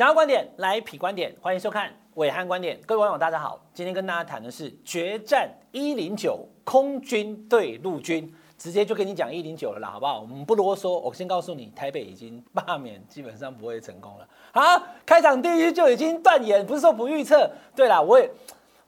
想要觀點，來品觀點，歡迎收看暐瀚觀點，各位網友大家好，今天跟大家談的是決戰一零九，空軍對陸軍，直接就跟你講一零九了啦，好不好？我們不囉嗦，我先告訴你，台北已經罷免，基本上不會成功了。好，開場第一就已經斷言，不是說不預測，對啦，我也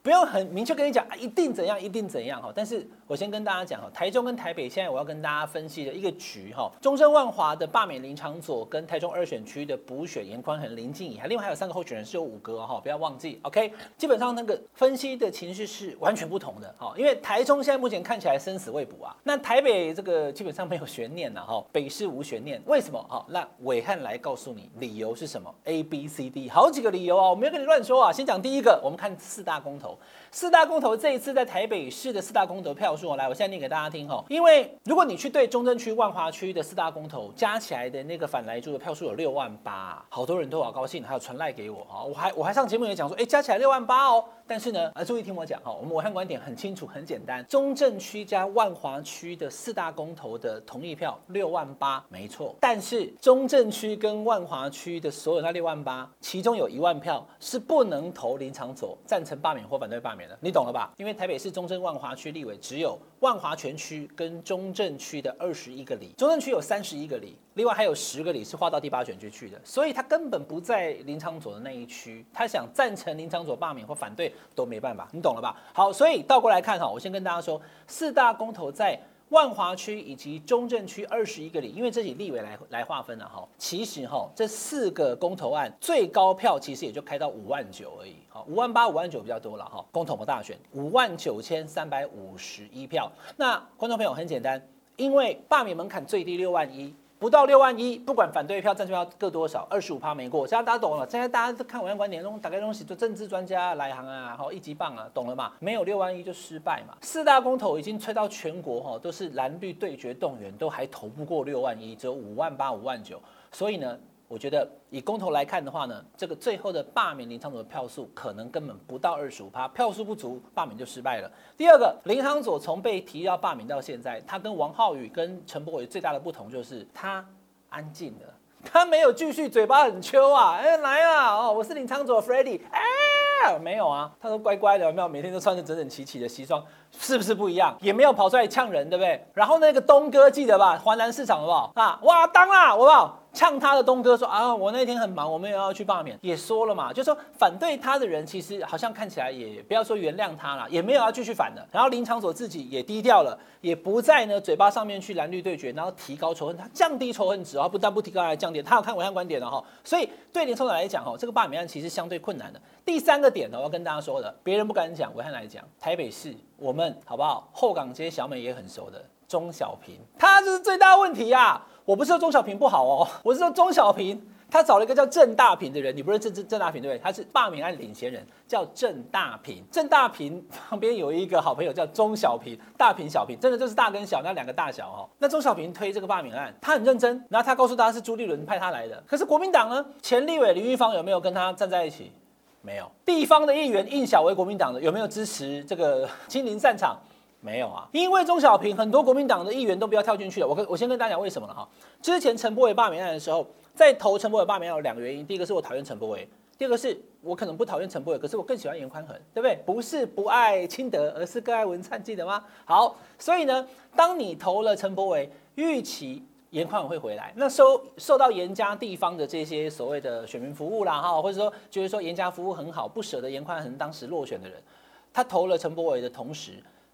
不用很明確跟你講一定怎樣，一定怎樣哈，但是。我先跟大家講哈，台中跟台北現在我要跟大家分析的一個局哈，中正萬華的罷免林昶佐跟台中二選區的補選顏寬恆、林靜儀，還另外還有三個候選人是有五個哈，不要忘記，OK，基本上那個分析的情緒是完全不同的哈，因為台中現在目前看起來生死未卜啊，那台北這個基本上沒有懸念了、啊、哈，北市無懸念，為什麼哈？那暐瀚來告訴你理由是什麼？A、B、C、D，好幾個理由啊，我沒有跟你亂說啊，先講第一個，我們看四大公投，四大公投這一次在台北市的四大公投票數。我來，我現在念給大家聽哈，因為如果你去對中正區、萬華區的四大公投加起來的那個反萊豬的票數有六萬八，好多人都好高興，還有傳賴給我哈，我還我還上節目也講說，哎、欸，加起來六萬八哦。但是呢，啊，注意聽我講哈，我們暐瀚觀點很清楚、很簡單，中正區加萬華區的四大公投的同意票六萬八，沒錯。但是中正區跟萬華區的所有那六萬八，其中有一萬票是不能投林昶佐，贊成罷免或反對罷免的，你懂了吧？因為台北市中正、萬華區立委只有。有萬華全區跟中正區的二十一個里，中正區有三十一個里，另外還有十個里是劃到第八選區去的，所以他根本不在林昶佐的那一區，他想贊成林昶佐罷免或反對都沒辦法，你懂了吧？好，所以倒過來看哈，我先跟大家說，四大公投在，萬華區以及中正區二十一個裡，因為這幾立委來來劃分了哈，其實哈這四個公投案最高票其實也就開到五萬九而已，哈，五萬八五萬九比較多了哈，公投綁大選五萬九千三百五十一票，那觀眾朋友很簡單，因為罷免門檻最低六萬一。不到六萬一，不管反對票、贊成票各多少，二十五趴沒過。現在大家懂了，現在大家看我的觀點，弄大概東西，就政治專家來行啊，好一級棒啊，懂了嘛？沒有六萬一就失敗嘛。四大公投已經吹到全國哈，都是藍綠對決動員，都還投不過六萬一，只有五萬八、五萬九，所以呢。我覺得以公投來看的話呢，這個最後的罷免林昶佐的票數可能根本不到二十五趴，票數不足，罷免就失敗了。第二個林昶佐從被提到罷免到現在，他跟王浩宇、跟陳柏惟最大的不同就是他安靜了，他沒有繼續嘴巴很秋啊，哎，來啊哦，我是林昶佐 Freddie，哎、啊、沒有啊，他都乖乖的，沒有每天都穿着整整齊齊的西裝，是不是不一樣？也沒有跑出來嗆人，對不對？然後那個東哥記得吧，環南市場好不好？啊哇當啦、啊，我。不好？嗆他的東哥說啊，我那天很忙，我沒也要去罷免，也說了嘛，就說反對他的人其實好像看起來也,也不要說原諒他了，也沒有要繼續反的。然後林長所自己也低調了，也不在呢嘴巴上面去藍綠對決，然後提高仇恨，他降低仇恨值，然不但不提高還降低。他要看維漢觀點的、喔、哈，所以對林聰長所來講哈，這個罷免案其實相對困難的。第三個點我要跟大家說的，別人不敢講維漢來講，台北市我們好不好？後港街小美也很熟的鍾小平，他這是最大問題呀、啊。我不是說鍾小平不好哦，我是說鍾小平他找了一個叫鄭大平的人，你不認識鄭鄭大平對不對？他是罷免案領銜人，叫鄭大平。鄭大平旁邊有一個好朋友叫鍾小平，大平小平，真的就是大跟小那兩個大小哦。那鍾小平推這個罷免案，他很認真，然後他告訴大家是朱立倫派他來的。可是國民黨呢？前立委林郁方有沒有跟他站在一起？沒有。地方的議員應曉薇，國民黨的有沒有支持這個親臨戰場？沒有啊，因為鍾小平很多國民黨的議員都不要跳進去了。我跟我先跟大家講為什麼了哈。之前陳柏惟罷免案的時候，在投陳柏惟罷免案有兩個原因，第一個是我討厭陳柏惟，第二個是我可能不討厭陳柏惟，可是我更喜歡顏寬恆，對不對？不是不愛清德，而是更愛文燦，記得嗎？好，所以呢，當你投了陳柏惟，預期顏寬恆會回來，那受受到顏家地方的這些所謂的選民服務啦哈，或者說就是說顏家服務很好，不捨得顏寬恆當時落選的人，他投了陳柏惟的同時。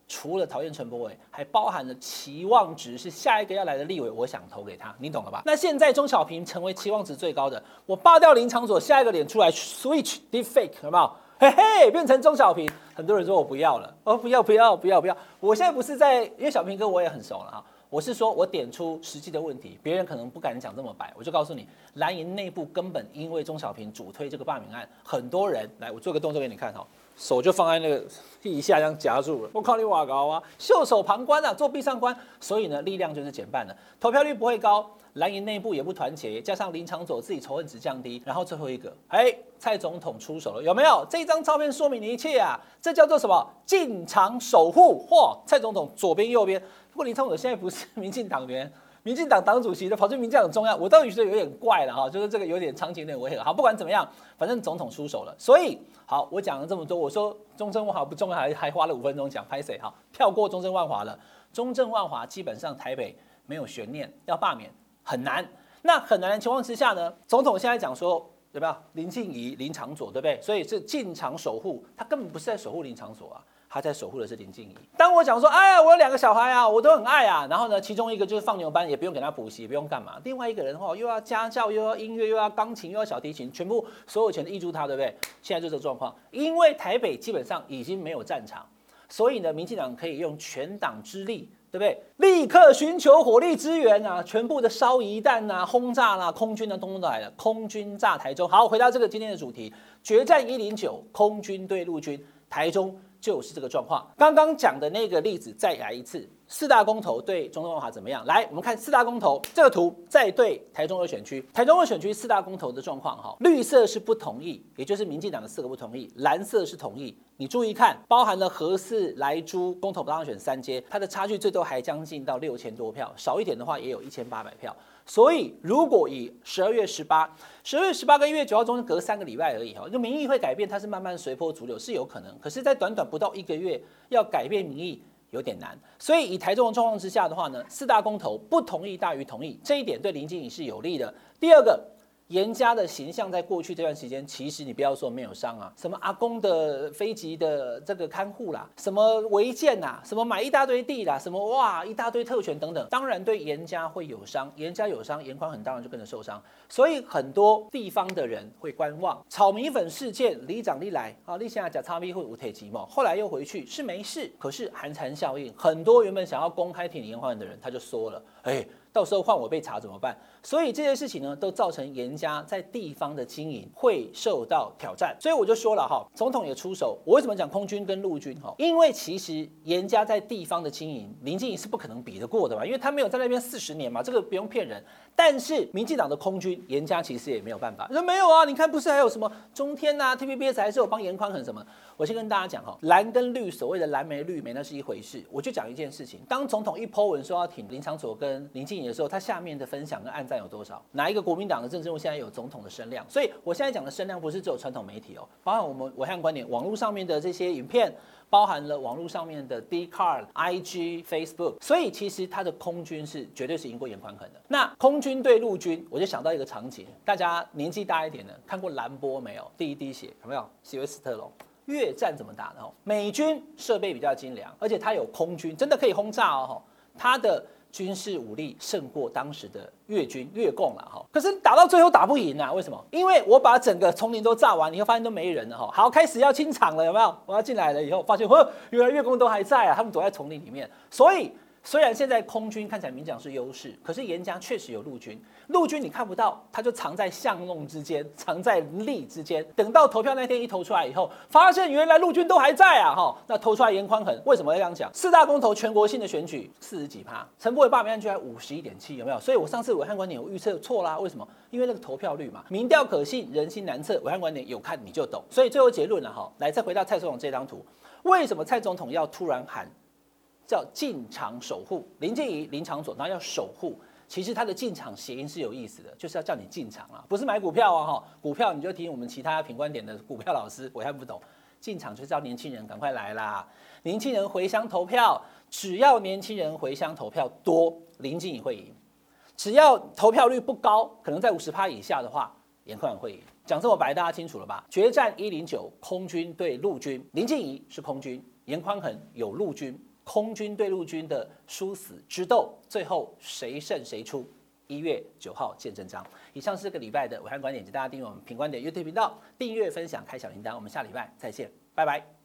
除了討厭陳柏惟，還包含了期望值是下一個要來的立委，我想投給他，你懂了吧？那現在鍾小平成為期望值最高的，我罷掉林昶佐，下一個臉出來 switch deepfake 好不好？嘿嘿，變成鍾小平，很多人說我不要了，哦、oh,，不要不要不要不要，我現在不是在，因為小平哥我也很熟了啊。我是說，我點出實際的問題，別人可能不敢講這麼白。我就告訴你，藍營內部根本因為鍾小平主推這個罷免案，很多人來，我做個動作給你看哈，手就放在那個腋下這樣夾住了。我靠你瓦搞啊！袖手旁觀啊，作壁上觀。所以呢，力量就是減半了，投票率不會高。藍營內部也不團結，加上林昶佐自己仇恨值降低，然後最後一個，哎，蔡總統出手了，有沒有？這張照片說明了一切啊！這叫做什麼靜昶守護？或蔡總統左邊右邊。不過林總統現在不是民進黨員，民進黨黨主席的，跑去民進很重要，我倒覺得有點怪了哈，就是這個有點場景有點違和好，不管怎麼樣，反正總統出手了，所以好，我講了這麼多，我說中正萬華不重要，還還花了五分鐘講派誰好，跳過中正萬華了。中正萬華基本上台北沒有懸念，要罷免很難。那很難的情況之下呢，總統現在講說對吧？林靜儀林昶佐對不對？所以是靜昶守護，他根本不是在守護林昶佐啊。他在守護的是林靜儀。當我講說，哎呀，我有兩個小孩啊，我都很愛啊。然後呢，其中一個就是放牛班，也不用給他補習，也不用幹嘛。另外一個人的話，又要家教，又要音樂，又要鋼琴，又要小提琴，全部所有錢都挹注他，對不對？現在就這狀況。因為台北基本上已經沒有戰場，所以呢，民進黨可以用全黨之力，對不對？立刻尋求火力支援啊，全部的燒夷彈啊，轟炸啦、啊，空軍啊，通通都來了。空軍炸台中。好，回到這個今天的主題，決戰一零九，空軍對陸軍，台中。就是這個狀況。剛剛講的那個例子，再來一次。四大公投對中正萬華怎麼樣？來，我們看四大公投這個圖，再對台中二選區。台中二選區四大公投的狀況，哈，綠色是不同意，也就是民進黨的四個不同意；藍色是同意。你注意看，包含了核四、萊豬、公投不當選三接，它的差距最多還將近到六千多票，少一點的話也有一千八百票。所以，如果以十二月十八、十二月十八跟一月九號中間隔三個禮拜而已哈，這個民意會改變，它是慢慢隨波逐流是有可能。可是，在短短不到一個月要改變民意有點難。所以，以台中的狀況之下的話呢，四大公投不同意大於同意，這一點對林靜儀是有利的。第二個。顏家的形象在過去這段時間，其實你不要說沒有傷啊，什麼阿公的飛機的這個看護啦，什麼違建啦、啊、什麼買一大堆地啦，什麼哇一大堆特權等等，當然對顏家會有傷，顏家有傷，顏寬恆當然就跟着受傷，所以很多地方的人會觀望。炒米粉事件里長你來，啊，你現在，吃炒米粉會無代誌嘛？後來又回去是沒事，可是寒蟬效應，很多原本想要公開挺顏寬的人，他就說了、欸，到時候換我被查怎麼辦？所以這些事情呢，都造成顏家在地方的經營會受到挑戰。所以我就說了哈，總統也出手。我為什麼講空軍跟陸軍哈？因為其實顏家在地方的經營，林靜儀是不可能比得過的嘛，因為他沒有在那邊四十年嘛，這個不用騙人。但是民進黨的空軍顏家其實也沒有辦法。那沒有啊？你看不是還有什麼中天吶、啊、TVBS 還是有幫顏寬恆什麼？我先跟大家講哈，藍跟綠所謂的藍媒綠媒那是一回事。我就講一件事情，當總統一 Po 文說要挺林昶佐跟林靜儀。的時候，他下面的分享跟按贊有多少？哪一個國民黨的政治人物現在有總統的聲量？所以我現在講的聲量不是只有傳統媒體哦，包含我們暐瀚觀點，網絡上面的這些影片，包含了網絡上面的 Dcard IG、Facebook。所以其實他的空軍是絕對是贏過顏寬恆的。那空軍對陸軍，我就想到一個場景，大家年紀大一點的看過藍波沒有？第一滴血有沒有？席維斯史特龍，越戰怎麼打的？美軍設備比較精良，而且他有空軍，真的可以轟炸哦。他的。軍事武力勝過當時的越軍越共了，哈，可是打到最後打不贏啊。為什麼？因為我把整個叢林都炸完，你會發現都沒人了哈。好，開始要清場了，有沒有？我要進來了以後，發現呵，原來越共都還在啊，他們躲在叢林裡面，所以。雖然現在空軍看起來民講是優勢，可是顏家確實有陸軍，陸軍你看不到，他就藏在巷弄之間，藏在利之間。等到投票那天一投出來以後，發現原來陸軍都還在啊！哈，那投出來顏寬恆為什麼要這樣講？四大公投全國性的選舉，四十幾趴，陳柏惟罷免案居然五十一點七，有沒有？所以我上次暐瀚觀點我預測錯啦，為什麼？因為那個投票率嘛，民調可信，人心難測。暐瀚觀點有看你就懂，所以最後結論了哈，來再回到蔡總統這張圖，為什麼蔡總統要突然喊？叫靜昶守護林靜儀，林昶佐。當然要守護。其實他的進場諧音是有意思的，就是要叫你進場了，啊，不是買股票啊，股票你就聽我們其他品觀點的股票老師，我還不懂。進場就是叫年輕人趕快來啦，年輕人回鄉投票，只要年輕人回鄉投票多，林靜儀會贏。只要投票率不高，可能在五十趴以下的話，顏寬恆會贏。講這麼白，大家清楚了吧？決戰一零九，空軍對陸軍，林靜儀是空軍，顏寬恆有陸軍。空軍對陸軍的殊死之鬥，最後誰勝誰出？一月九號見真章。以上是這個禮拜的暐瀚觀點，請大家訂閱我們品觀點 YouTube 頻道，訂閱分享開小鈴鐺，我們下禮拜再見，拜拜。